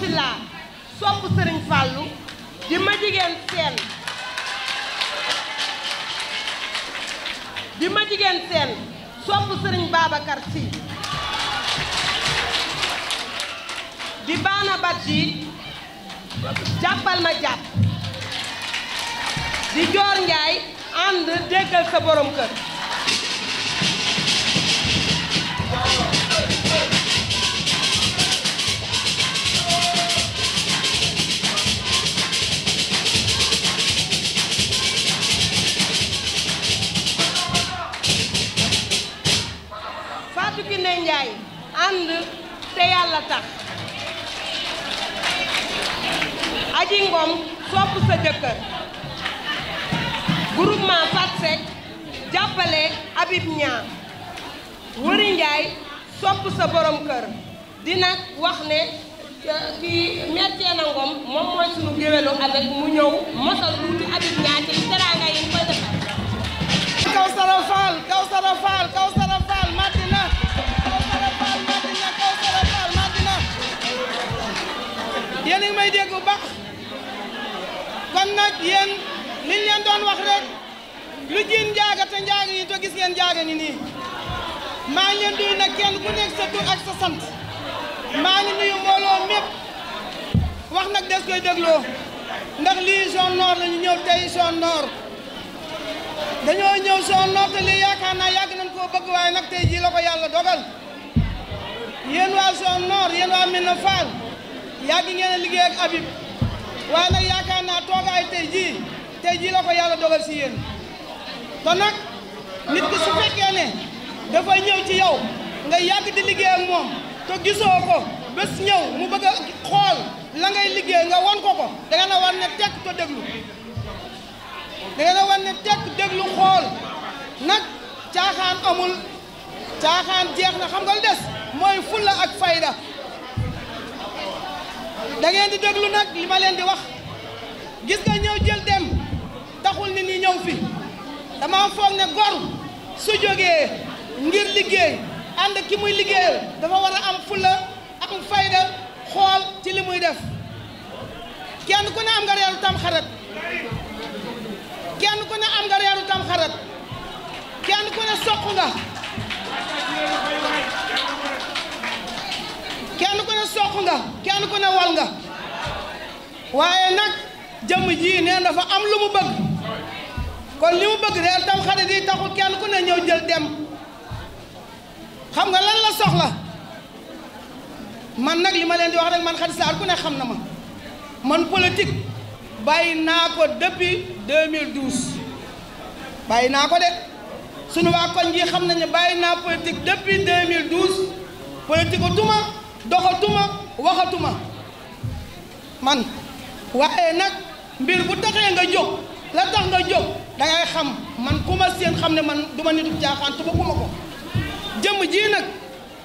Sylla somb Sëriñ Fàllu di ma jigéen seen di ma jigéen seen somb Sëriñ Babacar Si di baana bat yi jàppal ma jàpp di joor njaay ànd déggal sa borom kër Aji Ngom sopp sa jëkkër groupement Fat Sek jàppale Habib Niang Wëri sopp sa borom kër dina wax ne kii mertee na Ngom moom mooy sunu géwélu avec mu ñëw mosal tuuti Habib Niang ci teraanga yi koy defal Kawsara Fall Kawsara Fall Kawsara Fall Madina may dégg bu kon nag yéen liñ leen doon wax lu jiin njaaga te njaaga yi to gis njaaga ni nii maa ngi leen duy nag kenn ku nekk sa tur ak sa sant maa ngi nuyu mbooloo mépp wax nag des koy dégloo ndax lii zone nord la ñu ñëw tey zone nord dañoo ñëw zone nord te lii yaakaar naa yàgg nañ koo bëgg waaye nag tey jii la yàlla dogal yéen waa zone nord yéen waa Médina Fall yàgg ngeen a liggéey ak waaye nag yaakaar naa toogaay tey jii tey jii la ko yàlla dogal si yéen nag nit ki su ne dafay ñëw ci yow nga yàgg di liggéey moom te gisoo ko bés ñëw mu bëgg a xool la ngay liggéey nga wan ko ko da na war ne tekk te déglu da na war ne tekk déglu xool nag caaxaan amul caaxaan jeex na xam nga des mooy fulla ak fayda da ngeen di déglu nag li ma leen di wax gis nga ñëw jël dem taxul nit ñëw fi dama foog ne gor su jógee ngir liggéey ànd ki muy liggéeyal dafa war a am fulla am fayda xool ci li muy def kenn ku ne am nga reeru kenn ku ne am nga reeru kenn ku ne soq nga kenn ku ne soq nga kenn ku ne wal nga waaye nag jëmm jii nee dafa am lu mu bëgg kon li mu bëgg de tam xarit yi taxul kenn ku ne ñëw jël dem xam nga lan la soxla man nag li ma leen di wax rek man Khady Sarr ku ne xam na ma man politique bàyyi naa ko depuis 2012 bàyyi naa ko de sunu waa koñ gi xam ne bàyyi naa ko politique depuis 2012 politique tuma doxatuma waxatuma man waaye nag mbir bu taxee nga jóg la tax nga jóg dangay xam man ku ma seen xam ne man du ma nitu caaxaan tuba ku ko jëmm jii nag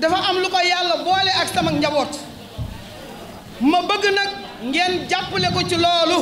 dafa am lu ko yàlla boole ak sama njaboot ma bëgg nag ngeen jàppale ko ci loolu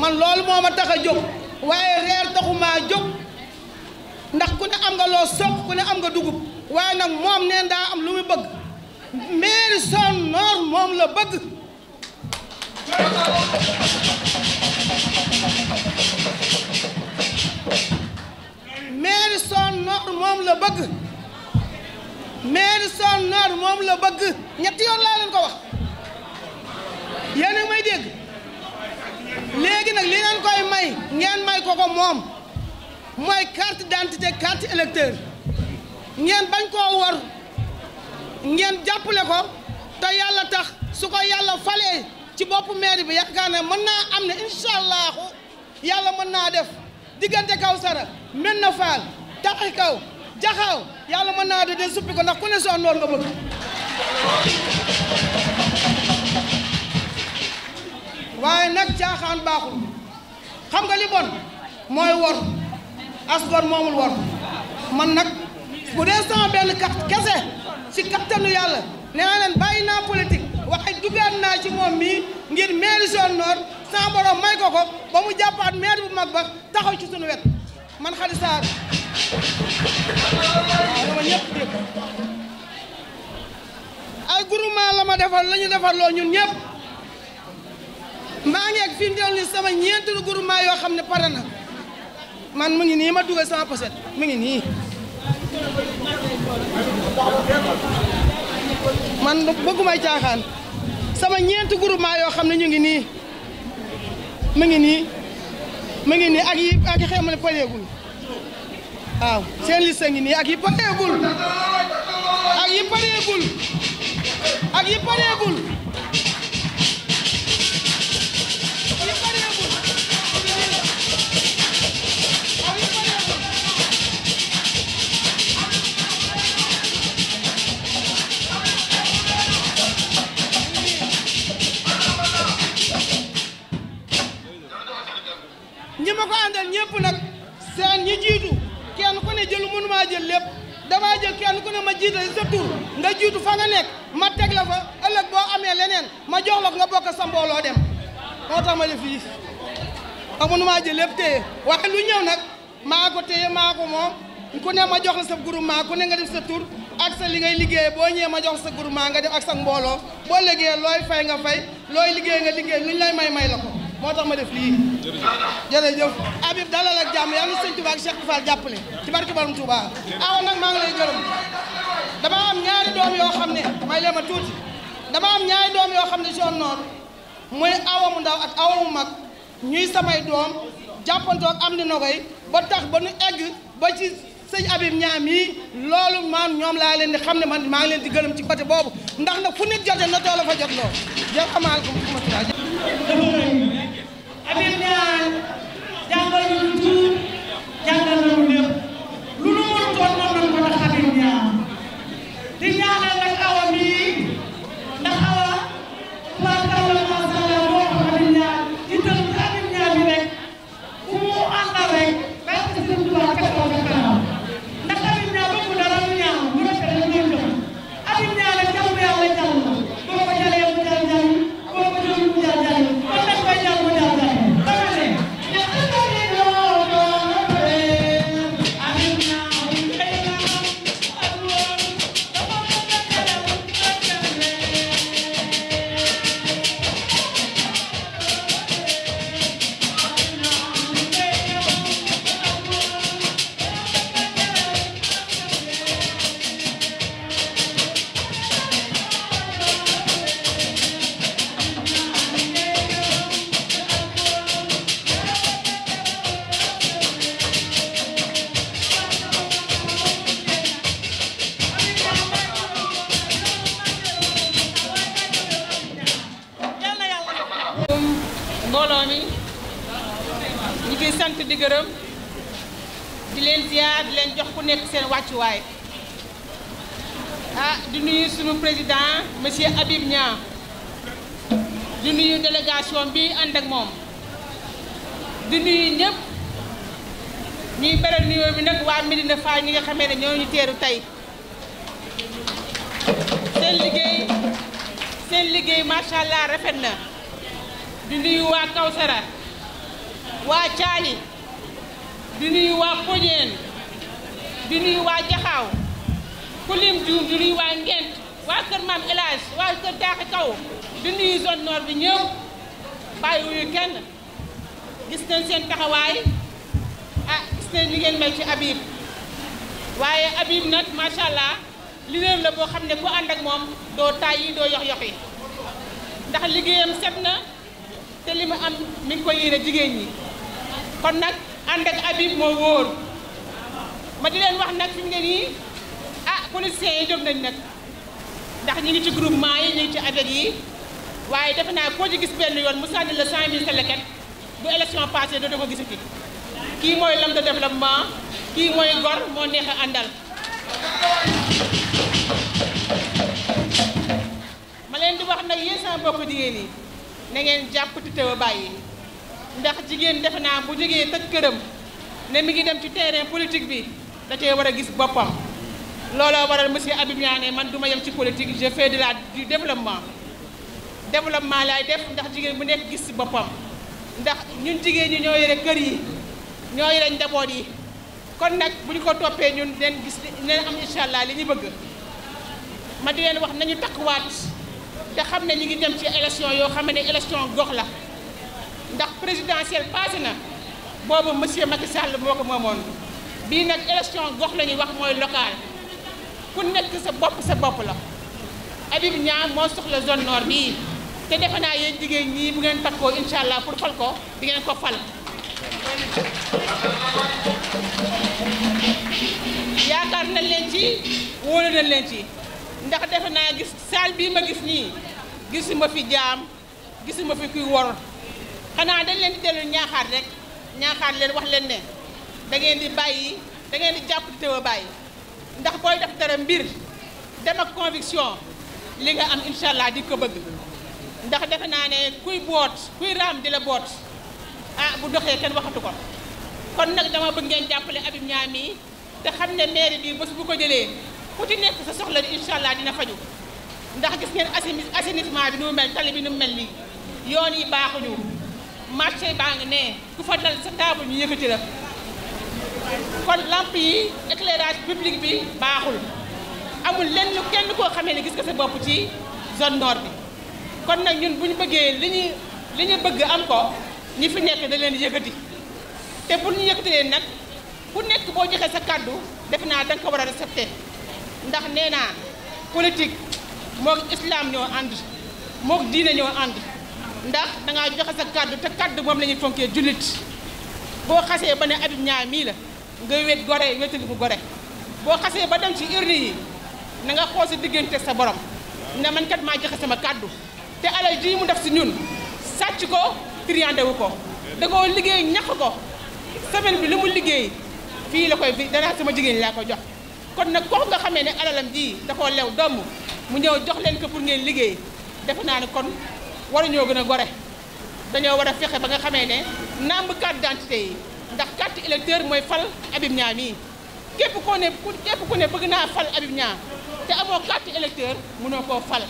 man loolu moo ma tax a jóg waaye reer taxu jóg ndax ku ne am nga loo soq ku ne am nga dugub waaye nag moom neen daa am lu muy bëgg mairie Zone Nord moom la bëgg mairie Zone Nord moom ñetti yoon laa leen ko wax yéen may dégg léegi nag li leen may ngeen may ko ko moom mooy carte d'identité carte électeur ngeen bañ koo wor ngeen jàppale ko te yàlla tax su ko yàlla falee ci boppu mairie bi yaakaar ne mën naa am ne incha allahu yàlla mën naa def diggante Kawsara mën na faal taxi kaw jaxaw yàlla mën naa def de suppi ko ndax ku ne son noor nga bëgg waaye nag caaxaan baaxul xam nga li mooy wor as moomul wor man nag bu dee sama benn carte kese si kattanu yàlla nee naa leen bàyyi naa politique waaye dugaat naa ci moom mii ngir mairie zone nord sama may ko ba mu jàppaat maire bu mag ba taxaw ci suñu wet man Khady Sarr ay groupement la ma defal la ñu defal loo maa ngi ak fi mu sama ñeenti groupement yoo xam ne pare na man mu ngi nii ma dugal sama poset mu ngi nii man bëggumay caaxaan sama ñeent groupement yoo xam ne ñu ngi nii mu ngi nii mu ngi nii ak yi ak yi xëy ma pareegul waaw seen liste ngi nii ak yi pareegul ak yi pareegul ak yi pareegul jiite sa tur nga jiitu fa nga nekk ma teg la fa ëllëg boo amee leneen ma jox la ko nga bokk sa mbooloo dem moo tax ma def fii amuñu maa jël lépp téye waaye lu ñëw nag maa ko téye maa ko moom ku ne ma jox la sa groupement ku ne nga def sa tur ak sa li ngay liggéey boo ñëwee ma jox sa groupement nga def ak sa mbooloo boo liggéey looy fay nga fay looy liggéey nga liggéey luñ lay may may la ko moo tax ma def lii. jërëjëf Habib dalal ak jàmm yàlla na sëñ Touba ak Cheikh Fall jàppale ci barke Borom Touba awa dama am ñaari doom yoo xam ne may lema tuuti dama am ñaari doom yoo xam ne zone nord muy awa mu ndaw ak awa mu mag ñuy samay doom jàppantoog am ni nogoy ba tax ba nu egg ba ci sëñ Abib ñaam yi loolu ma ñoom laa leen di xam ne man maa ngi leen di gërëm ci côté boobu ndax nag fu nit jote na doole fa jot loo jël gërëm di leen ziar leen jox ku nekk seen wàccuwaay ah di nuyu sunu président monsieur Habib Niang di nuyu délégation bi ànd ak moom di nuyu ñëpp ñuy beral nuyoo bi nag waa Medina Fall ñi nga xame ne ñoo ñu teeru tey seen liggéey seen liggéey macha allah rafet na di nuyu waa Kawsara waa Caali di nuyu waa Poñeen di nuyu waa Jaxaaw ku juum di nuyu waa Ngent waa kër maam waa kër Kaw di nuyu zone bi ñëw bàyyiwuñu kenn gis nañ seen taxawaay ah gis nañ li ci Habib waaye Habib nag macha allah liggéeyam la boo xam ne ku ànd ak moom doo tàyyi doo yox yoxi ndax liggéeyam set na te li mu am mi ko yéene jigéen ñi kon nag. ànd ak Habib moo wóor ma di leen wax nag fi mu ne nii ah policiers yi jóg nañ nag ndax ñu ngi ci groupement yi ñu ngi ci avec yi waaye defe naa koo ci gis benn yoon mu sànni la cent mille sa leket bu élection passée dootoo ko gisati kii mooy lam de développement kii mooy gor moo neex a àndal ma leen di wax nag yéen sama mbokk jigéen yi na ngeen jàpp te teew bàyyi ndax jigéen defe naa bu jógee tëj këram ne mi ngi dem ci terrain politique bi da cee war a gis boppam looloo waral monsieur Habib Niane man du ma yem ci politique je fais de la du développement développement laay def ndax jigéen bu nekk gis si boppam ndax ñun jigéen ñi ñoo yore kër yi ñoo yore njaboot yi kon nag bu ñu ko toppee ñun leen gis leen am incha allah li ñu bëgg ma di leen wax nañu takkuwaat te xam ne ñu ngi dem ci élection yoo xam ne élection gox la. ndax présidentielle passé na boobu monsieur Macky Sall boo ko moomoon bii nag élection gox lañuy ñuy wax mooy local ku nekk sa bopp sa bopp la Habib Niang moo soxla zone nord bii te defe naa yéen jigéen ñii bu ngeen takkoo incha allah pour fal ko di ngeen ko fal yaakaar nañ leen ci wóolu nañ leen ci ndax defe naa gis salle bii ma gis nii gisuma fi jaam gisuma fi kuy wor xanaa dañ leen di dellu ñaaxaat rek ñaaxaat leen wax leen ne da ngeen di bàyyi dangeen di jàpp te a bàyyi ndax booy def dara mbir dem ak conviction li nga am incha allah di ko bëgg ndax defe naa ne kuy boot kuy raam di la boot ah bu doxee kenn waxatu ko kon nag dama bëgg ngeen jàppale Habib Niang mi te xam ne mairie bi bés bu ko jëlee ku ci nekk sa soxla incha allah dina faju ndax gis ngeen assainissement bi nu mu mel tali bi nu mu mel nii yoon yi baaxuñu. marché baa ngi ne ku fa dal sa table ñu yëkkati la kon lamp yi éclairage public bi baaxul amul lenn kenn koo xamee ne gis nga sa bopp ci zone nord bi kon nag ñun bu ñu bëggee li ñu li ñu bëgg am ko ñi fi nekk daleen leen yëkkati te bu ñu yëkkati leen nag ku nekk boo joxe sa kàddu def naa da ko war a respecté ndax nee naa politique moog islam ñoo ànd moog diine ñoo ànd ndax dangaa joxe sa kàddu te kàddu moom la ñuy fonkee jullit boo xasee ba ne Habib Niang mii la nga wét gore wétali ko gore boo xasee ba dem ci urne yi na nga xool sa diggante sa borom ne man kat maa joxe sama kàddu te alal ji mu def si ñun sàcc ko triandé wu ko da liggéey ñax ko semaine bi li mu liggéey fii la koy fi danaa sama jigéen laa ko jox kon nag kooku nga xamee ne alalam ji da koo lew doom mu ñëw jox leen ko pour ngeen liggéey defe naa ne kon war ñoo gën a gore dañoo war a fexe ba nga xamee ne namb carte d'identité yi ndax carte électeur mooy fal Habib Niang mii képp koo ne képp ku ne bëgg naa fal Habib Niang te amoo carte électeur mënoo koo fal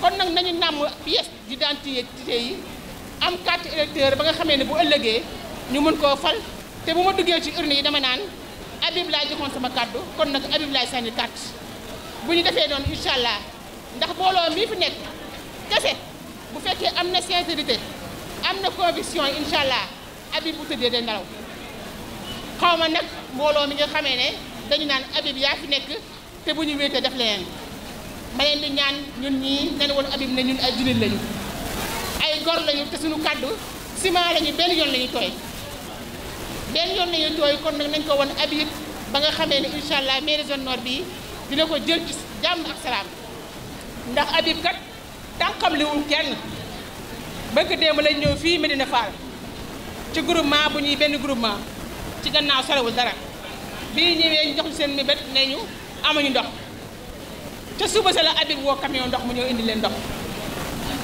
kon nag nañu nàmm pièce d'identité yi am carte électeur ba nga xamee ne bu ëllëgee ñu mën koo fal te bu ma duggee ci urne yi dama naan Habib laa joxoon sama kàddu kon nag Habib laay sànni carte bu ñu defee noonu incha allah ndax booloo mii fi nekk kese bu fekkee am na sincérité am na conviction incha allah Habib bu tëddee de nelaw xaw ma nag mbooloo mi nga xamee ne dañu naan Habib yaa fi nekk te bu ñu wéetee def leneen ma leen di ñaan ñun ñi nen woon Habib ne ñun ay jullit lañu ay gor lañu te suñu kàddu ciment lañu benn yoon lañu tooy benn yoon lañu tooy kon nag nañ ko woon Habib ba nga xamee ne incha allah mairie zone nord bi dina ko jël ci jàmm ak salaam ndax Habib kat. tànqam li wuñ kenn bëgg démb lañ ñëw fii Medina Fall ci groupement bu ñuy benn groupement ci gannaaw sorewul dara bii ñëwee ñu jox seen mébét ne ñu amuñu ndox ca suba sa la Habib woo camion ndox mu ñëw indi leen ndox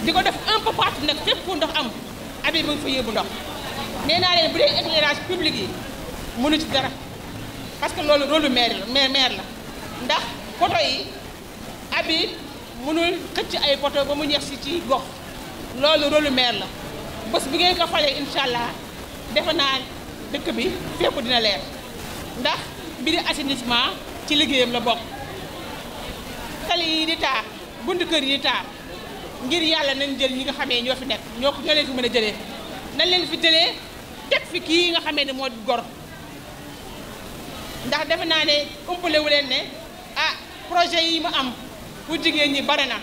di ko def un peu partout nag fépp ndox am Habib mu ngi fa yóbbu ndox nee naa leen bu dee éclairage public yi nu ci dara parce que loolu rôle maire la maire la ndax poto yi Habib mënul xëcc ay poto ba mu ñeex si ci gox loolu rôle maire la bés bi ngeen ko falee incha allah defe naa dëkk bi fépp dina leer ndax mbiri assainissement ci liggéeyam la bokk tali yi di taar buntu kër yi di taar ngir yàlla nañ jël ñi nga xamee ñoo fi nekk ñoo ko ñoo leen fi mën a jëlee nañ leen fi jëlee teg fi kii nga xamee ne moo di gor ndax defe naa ne umpale wu leen ne ah projet yi mu am pour jigéen ñi bare na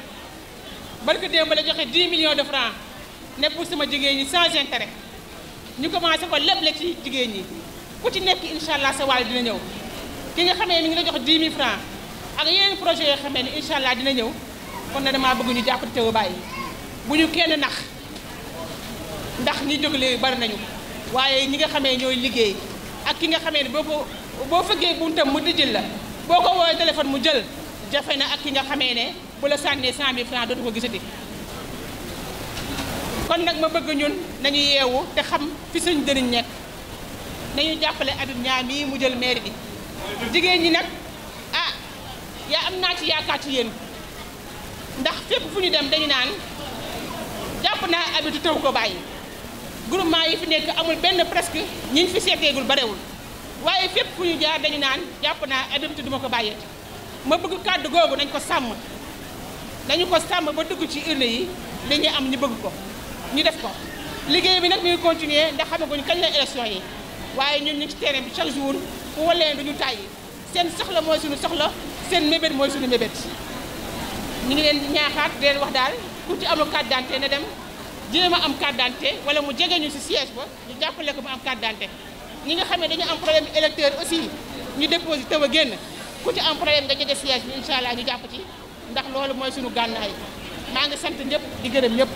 barke démb la joxe 10 million de francs ne pour sama jigéen ñi sans intérêt ñu commencé ko leble ci jigéen ñi ku ci nekk incha allah sa waay dina ñëw ki nga xamee mi ngi la joxe 10 000 francs ak yeneen projet yoo xamee ni incha allah dina ñëw kon na damaa bëgg ñu jàpp te teewu bàyyi bu ñu kenn nax ndax ñi jóg léegi bari nañu waaye ñi nga xamee ñooy liggéey ak ki nga xamee ni boo ko boo fëggee buntam mu dijil la boo ko woowee téléphone mu jël. jafe na ak ki nga xamee ne bu la sànnee cent mille francs dootu ko gisati kon nag ma bëgg ñun nañu yeewu te xam fi suñ dëriñ nekk nañu jàppale Habib Niang mii mu jël mairie bi jigéen ñi nag ah yaa am naa ci yaakaar ci yéen ndax fépp fu ñu dem dañu naan jàpp naa Habib taw ko bàyyi groupement yi fi nekk amul benn presque ñi fi seeteegul barewul waaye fépp fu ñu jaar dañu naan jàpp naa Habib te duma ko bàyyi ma bëgg kàddu googu nañ ko sàmm dañu ko sàmm ba dugg ci urne yi li ñuy am ñu bëgg ko ñu def ko liggéey bi nag mi ngi continuer ndax xamaguñ kañ la élection yi waaye ñun ñu ci teree bi chaque jour bu walee duñu tàyyi seen soxla mooy suñu soxla seen mébét mooy suñu mébét ñu ngi leen ñaaxaat leen wax daal ku ci amul carte d'identité na dem jéem ma am carte d'identité wala mu jege ñu ci siège ba ñu jàppale ko mu am carte ñi nga xam ne dañu am problème électeur aussi ñu déposé a génn ku ci am problème nga jege siège bi incha allah ñu jàpp ci ndax loolu mooy suñu gànnaay maa ngi sant ñëpp di gërëm ñëpp.